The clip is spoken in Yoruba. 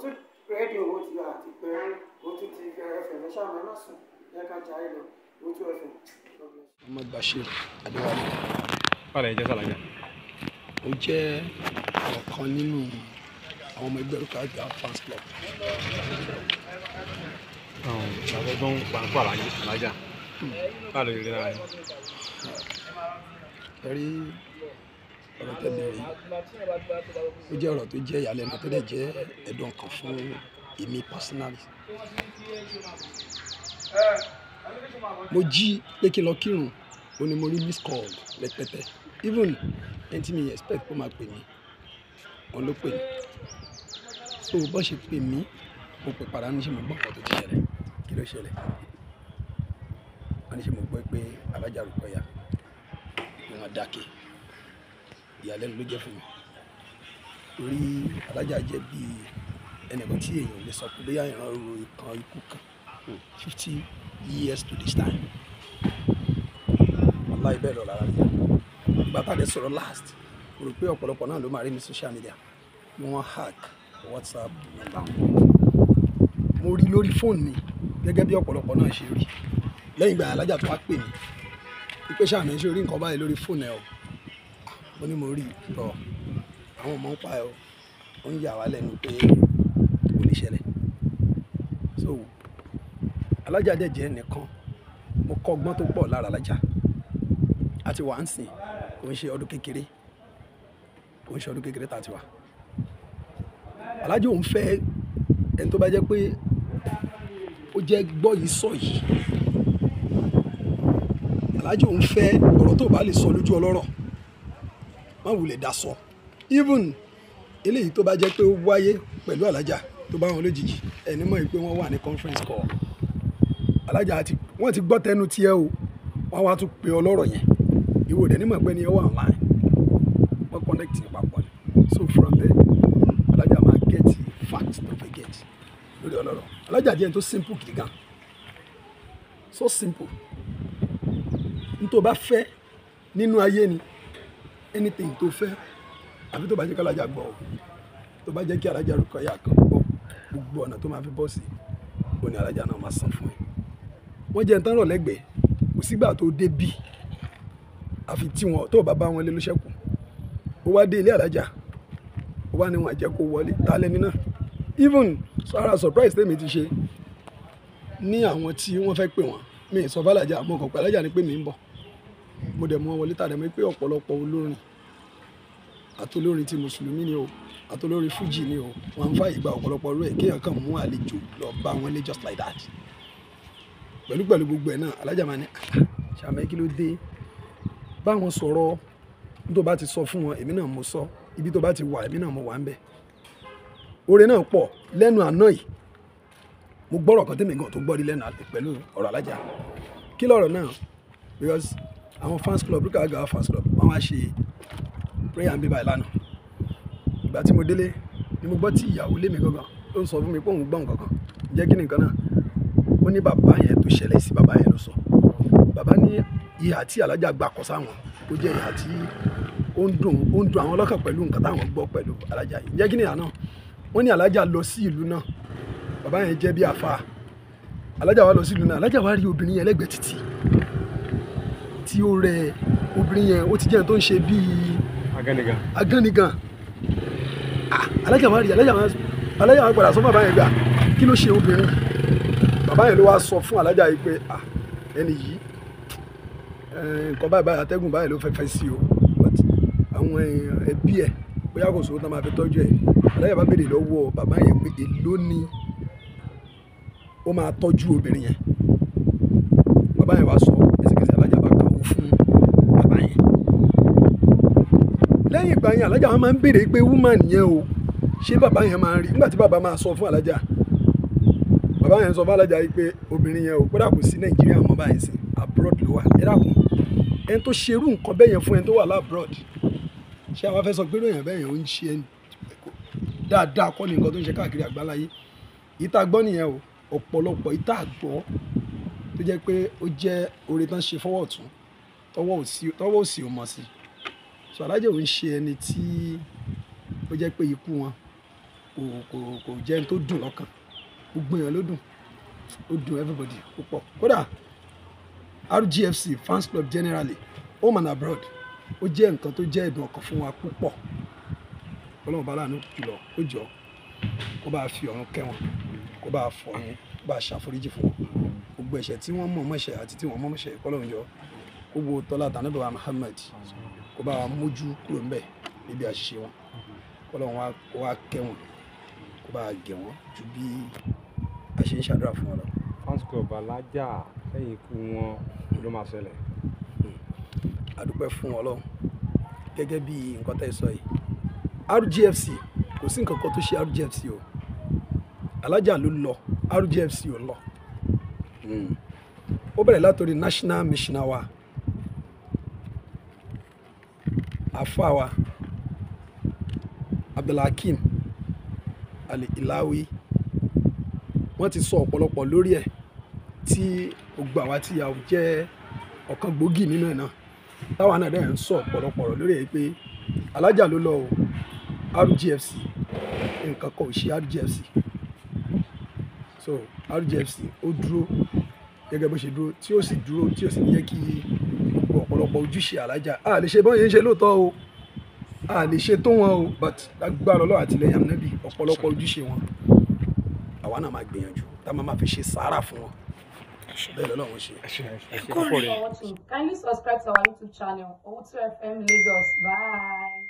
tún rédíò owó ti àti pé ó tún ti ẹfẹ̀ lọ́sà mẹ́rin sùn lẹ́ka jàre lọ ó tún ẹfẹ̀. Ahmed Bashir Adéwálé. Bára ẹ jẹ́ Sàlájà. Ó jẹ́ ọ̀kan nínú àwọn ọmọ ẹgbẹ́ Rúkà Àgbà fans club. Àwọn tó ń pa nípa Alájà. Báwo lè rí ara ọ̀rọ̀ tẹ́ bẹ̀rẹ̀ ó jẹ́ ọ̀rọ̀ tó jẹ́ ìyàlẹ́nu tó dẹ̀ jẹ́ ẹ̀dùn ọkàn fún èmi personally. mo jí pé kí n lọ kírun ó ní mo rí miss call rẹpẹtẹ even ẹni tí mi expect kó máa pè mí wọn ló pè mí so bó ṣe pè mí mo pè padà níṣẹ́ mo gbọ́ nǹkan tó ti ṣẹlẹ̀ kí ló ṣẹlẹ̀ wọ́n níṣẹ́ mo gbọ́ pé Alhaja Ruqayya ni wọ́n dákẹ́ ìyàlẹ́nu ló jẹ́ fún mi torí alájà jẹ́ bíi ẹnìkan tí èèyàn lè sọ pé bóyá ìran ro ìkan ikú kan fifty years to this time ọlá ibẹ̀ lọ lára rẹ̀ ìgbà tá a lè sọ̀rọ̀ last mo rò pé ọ̀pọ̀lọpọ̀ náà ló máa rí mi social media ni wọ́n hack whatsapp nọ́mbà mo rí lórí fóònù mi gẹ́gẹ́ bí ọ̀pọ̀lọpọ̀ náà ṣe rí lẹ́yìn ìgbà alájà tó wá pè mí ìpèsè àmì ṣe orí nǹkan báyìí lórí fóònù ẹ̀ o mo ní mo rí tọ̀ àwọn ọmọ ń pa ẹ o ó ń yà wá lẹ́nu pé ó lè ṣẹlẹ̀ so alájà dẹ̀ jẹ́ ẹnìkan mo kọ́ ọgbọ́n tó pọ̀ lára alájà àti wà ń sìn kò ń ṣe ọdún kékeré kò ń ṣe ọdún kékeré tá a ti wà alájà òun fẹ́ ẹni tó bá jẹ́ pé ó jẹ́ gbọ́ yìí sọ yìí alájà òun fẹ́ ọ̀rọ̀ tó bá lè sọ lójú ọlọ́rọ̀ má wulẹ̀ dá sọ even eléyìí tó bá jẹ́ pé ó wáyé pẹ̀lú alájà tó bá wọn lójijì ẹni mọ̀ pé wọ́n wà ní conference call alájà àti wọ́n ti gbọ́ tẹnu tiẹ̀ o wọ́n wá tún pe ọlọ́rọ̀ yẹn ìwò dẹ̀ nímọ̀ pé ni ẹ wà online wọ́n connect papọ̀ ni so from there alájà máa get facts tó fẹ́ get lórí ọlọ́rọ̀ alájà díẹ̀ tó simple gidi gan so simple n tó bá fẹ́ nínú ayé ni anything tó fẹ́ àfi tó bá jẹ́ kálájà gbọ́ ọ tó bá jẹ́ kí alájà Rukaya kan gbọ́ gbogbo ọ̀nà tó máa fi bọ́ sí ó ní alájà náà máa san fún ẹ wọ́n jẹ́ ntán rọ̀lẹ́gbẹ̀ẹ́ kò sígbà tó dé bí àfi tí wọn tó bá bá wọn lé lóṣẹ́kù ó wá dé ilé alájà ó wá ní wọn àjẹ́ kó wọlé ta lẹ́ni náà even ara surprise tèmi ti ṣe ní àwọn tí wọ́n fẹ́ pè wọ́n mi ì sọ fàlàjà àmọ́ kàn alájà ni pé mi ń bọ̀ mo dẹ̀ mú wọn wọlé tàdé mi pé ọ̀pọ̀lọpọ̀ olórin àtolórin ti mùsùlùmí ni o àtolórin fújì ni o wọn fà ìgbà ọ̀pọ̀lọpọ̀ rẹ̀ kéèyàn kàn mú àlejò lọ bá wọn lé just like that pẹ̀lú pẹ̀lú gbogbo ẹ̀ náà alájà máa ní ah, ṣàmẹ́ kí ló dé báwọn sọ̀rọ̀ tó bá ti sọ fún wọn èmi náà mo sọ ibi tó bá ti wà èmi náà mo wà ń bẹ̀ oore náà pọ̀ lẹ́nu àná yìí mo gbọ́rọ̀ kan tẹ́mi gan tó gbọ́ rí lẹ́nu pẹ̀lú ọ̀rọ̀ alájà kí lọ̀rọ̀ náà because àwọn fans club Rukayat Gawat fans club wọ́n wá ṣe prayer and bíbá ìlànà ìgbà tí mo délé ni mo gbọ́ tí ìyàwó lé mi gangan ló ń sọ fún mi pé òun gbọ́ nǹkan kan jẹ́ kí ni nǹkan náà ó ní bàbá yẹn tó ṣẹlẹ̀ sí bàbá yẹn ló sọ bàbá ní ìhà tí alájà gbà kọ sáwọn ó jẹ́ ìhà tí ó ń dùn ó ń dùn àwọn ọlọ́kàn pẹ̀lú nǹkan táwọn gbọ́ pẹ̀lú alájà yìí jẹ́ kí ni ìhà náà ní alájà lọ sí ìlú náà bàbá yẹn jẹ́ bí àfa alájà wa lọ sí ìlú náà alájà wa rí obìnrin yẹn lẹ́gbẹ̀ẹ́ títì tí ó rẹ obìnrin yẹn ó ti jẹ́ tó ń ṣe bíi agánigan ah, alájà máa rí alájà máa alájà máa padà sọ bàbá yẹn gbà ah, kí ló ṣe obìnrin bàbá yẹn ló wá sọ fún alájà yìí pé ah, ẹni yìí nǹkan báyìí báyìí atẹ́gùn báyìí ló fẹ́ fẹ́ sí o àwọn ẹbí ẹ̀ bóyá kò sówó tán máa fi tọ́jú ẹ̀ alájà bá béèrè lọ́wọ́ bàbá yẹn pé èló ni ó máa tọ́jú obìnrin yẹn bàbá yẹn wá sọ lẹ́yìn ìgbà yẹn alájà wọn máa ń béèrè pé woman yẹn o ṣé bàbá yẹn máa ń rí nígbà tí bàbá máa sọ fún alájà bàbá yẹn sọ fún alájà yìí pé obìnrin yẹn o kódà kò sí nàìjíríà mọ́ báyìí sí abroad ló wà ẹ dákun ẹni tó ṣerú nǹkan bẹ́ẹ̀ yẹn fún ẹni tó wà lábroad ṣé àwọn afẹ́ sọ pé ròyìn bẹ́ẹ̀ yẹn ó ń ṣe ẹni dáadáa kọ́ ni nǹkan tó ń ṣe káàkiri àgbáláyé ìta gbọ́ nìyẹn o ọ̀pọ̀lọpọ̀ ìta gbọ́ tó jẹ́ pé ó jẹ́ oore tán ṣe fọwọ́ ọ̀tún tọwọ́ òsì ò mọ̀ sí i so alájà ò ń ṣe ẹni tí ó jẹ́ pé ikú wọn kò kò kò jẹ́ ẹni tó dùn lọ́kàn gbogbo èèyàn ló dùn ó dùn everybody púpọ̀ kódà RGFC fans club generally home and abroad ó jẹ́ nǹkan tó jẹ́ ẹ̀dùn ọkàn fún wa púpọ̀ ọlọ́run bá láàánú jùlọ ó jọ kó bá fi ọ̀run kẹ́ kó bá fọ yín kó bá ṣàforíjì fún wọn gbogbo ẹ̀ṣẹ̀ tí wọ́n mọ̀ mọ́ṣẹ̀ àti tí wọ́n mọ̀ mọ́ṣẹ̀ kọ́lọ́run yọ gbogbo tọ́lá tànàbẹ̀wá Muhammad kó bá wa mójú kúrò ńbẹ̀ níbi àṣìṣe wọn kọ́lọ́run wá kẹ́ wọn kó bá wa gẹ̀ wọ́n ju bí a ṣe ń ṣàdúrà fún wọn lọ. fans club alájà lẹ́yìn ikú wọn ló máa ṣẹlẹ̀. àdúpẹ́ fún Ọlọ́run gẹ́gẹ́ bí nǹkan tẹ́ sọ yìí RGFC kò sí nǹkan kan tó ṣe RGFC o alájà ló lọ RGFC ò lọ hmm. ó bẹ̀rẹ̀ látòrí national missioner wa àfáà wa abdulhakeem al-ilawi wọ́n ti sọ ọ̀pọ̀lọpọ̀ lórí ẹ̀ tí gbogbo àwa tí a jẹ́ ọ̀kan gbòógì nínú ẹ̀ náà táwa náà dẹ̀ ń sọ ọ̀pọ̀lọpọ̀ ọ̀rọ̀ lórí ẹ̀ pé alájà ló lọ o rgfc nǹkan kan ò ṣe rgfc so rgfc ó dúró gẹ́gẹ́ bó ṣe dúró tí ó sì dúró tí ó sì yẹ kí ọ̀pọ̀lọpọ̀ ojúṣe alájà a lè ṣe bọ́yẹn ń ṣe lóòótọ́ o a lè ṣe tó wọn o but lágbára ọlọ́run àtìlẹ́yìn ànábì ọ̀pọ̀lọpọ̀ ojúṣe wọn àwa náà máa gbìyànjú tá a máa fi ṣe sàárà fún wọn bẹ́ẹ̀ lọ́wọ́ ṣe. Kindly subscribe to our YouTube channel, Owutu FM Lagos. Bye.